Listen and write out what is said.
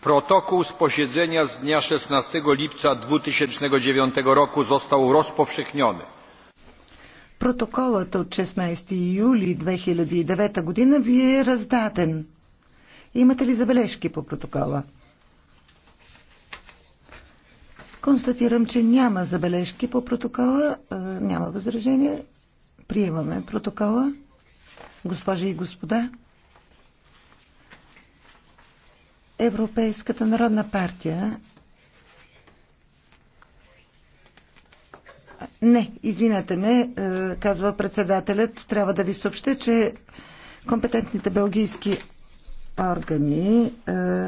Protokół z posiedzenia z dnia 16 lipca 2009 roku został rozpowszechniony. Протоколът от 16 юли 2009 година ви е раздаден. Имате ли забележки по протокола? Констатирам, че няма забележки по протокола, е, няма възражения. Приемаме протокола. Госпожи и господа, Европейската народна партия. Не, извинете ме, е, казва председателят. Трябва да ви съобща, че компетентните белгийски органи е,